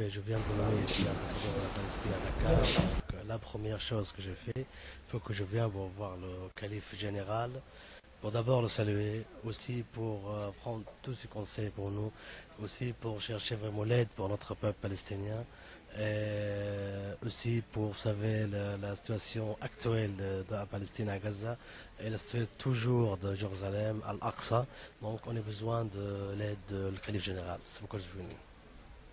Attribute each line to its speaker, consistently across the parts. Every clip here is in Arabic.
Speaker 1: Ben, je viens de ici la ici à la Palestine à Dakar. Euh, la première chose que je fais, il faut que je vienne pour voir le calife général, pour d'abord le saluer, aussi pour euh, prendre tous ses conseils pour nous, aussi pour chercher vraiment l'aide pour notre peuple palestinien, et aussi pour, vous savez, la, situation actuelle de, la Palestine à Gaza et la situation toujours de Jérusalem, à Al-Aqsa. Donc on a besoin de l'aide du calife général. C'est pourquoi je suis venu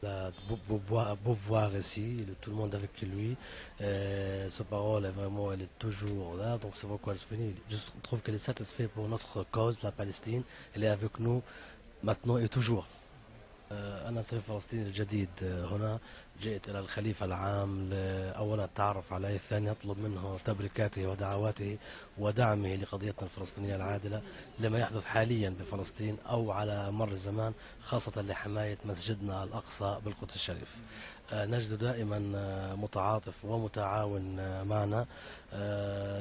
Speaker 1: a beau, voir ici, tout le monde avec lui. sa parole, est vraiment, elle est toujours là. Donc c'est pourquoi elle je finit Je trouve qu'elle est satisfaite pour notre cause, la Palestine. Elle est avec nous maintenant et toujours. آه، أنا سيف فلسطين الجديد آه، هنا جئت إلى الخليفة العام أولا التعرف عليه ثانيا أطلب منه تبريكاته ودعواته ودعمه لقضيتنا الفلسطينية العادلة لما يحدث حاليا بفلسطين أو على مر الزمان خاصة لحماية مسجدنا الأقصى بالقدس الشريف آه، نجد دائما متعاطف ومتعاون معنا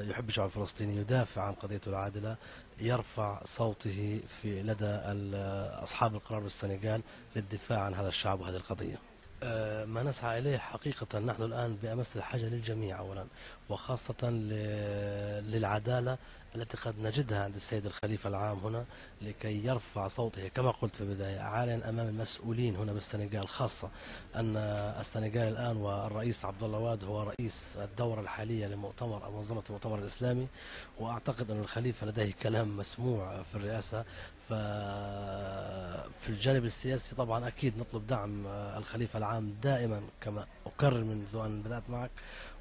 Speaker 1: يحب الشعب الفلسطيني يدافع عن قضيته العادلة يرفع صوته في لدى أصحاب القرار بالسنغال الدفاع عن هذا الشعب وهذه القضية أه، ما نسعى إليه حقيقة نحن الآن بأمس الحاجة للجميع أولا وخاصة للعدالة التي قد نجدها عند السيد الخليفة العام هنا لكي يرفع صوته كما قلت في البداية عاليا أمام المسؤولين هنا بالسنغال خاصة أن السنغال الآن والرئيس عبد الله واد هو رئيس الدورة الحالية لمؤتمر منظمة المؤتمر الإسلامي وأعتقد أن الخليفة لديه كلام مسموع في الرئاسة في الجانب السياسي طبعا أكيد نطلب دعم الخليفة العام دائما كما أكرر منذ أن بدأت معك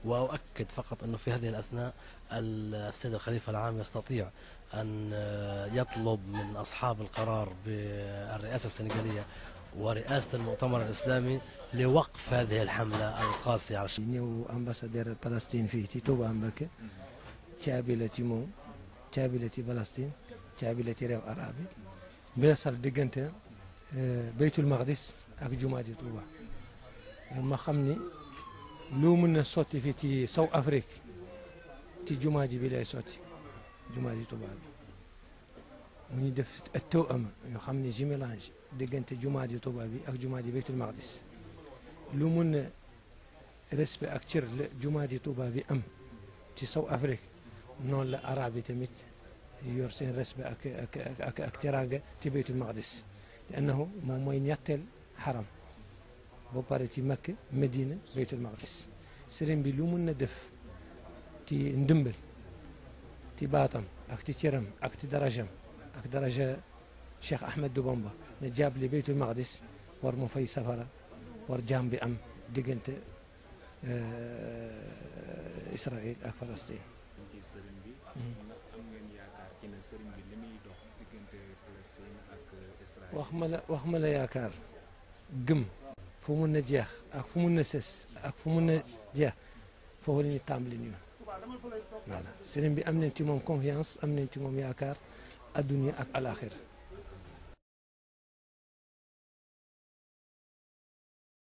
Speaker 1: وأؤكد فقط أنه في هذه الأثناء السيد الخليفة العام يستطيع أن يطلب من أصحاب القرار بالرئاسة السنغالية ورئاسة المؤتمر الإسلامي لوقف هذه الحملة القاسية على الشعب أمباسادير فلسطين
Speaker 2: في تيتو أمباكي تابلة تيمو تابلة فلسطين jaabilatii reef araabi beesal diggante beytul maqdis ak jumaa ji Tuuba ma xam ni lu mën a sotti fii ci saw Afrique ci jumaa ji bi lay sotti jumaa ji Tuuba bi mu ñu def ëttaw am ñu xam ni jumelage diggante jumaa ji Tuuba bi ak jumaa ji beytul maqdis lu mën a respect ak cër la jumaa ji Tuuba bi am ci saw Afrique noonu la arab yi tamit يرسل رسبة أك أك أك تبيت المقدس لأنه مومين يتل حرم ببارتي مكة مدينة بيت المقدس سرين بلوم الندف تي ندمبل تي باطم أكتي ترم أكتي درجم اكتي درجة شيخ أحمد دوبامبا نجاب لبيت المقدس ورمو في سفرة ورجام بأم دقنت آه، إسرائيل أك فلسطين waxma la wax ma la yaakaar gëm fu mun na jeex ak fu mun na sës ak fu mun na jeex foofu la ñu tàmbali ñu
Speaker 1: voilà sëriñ
Speaker 2: bi am nañ ci moom confiance am nañ ci moom yaakaar adduna ak alaxir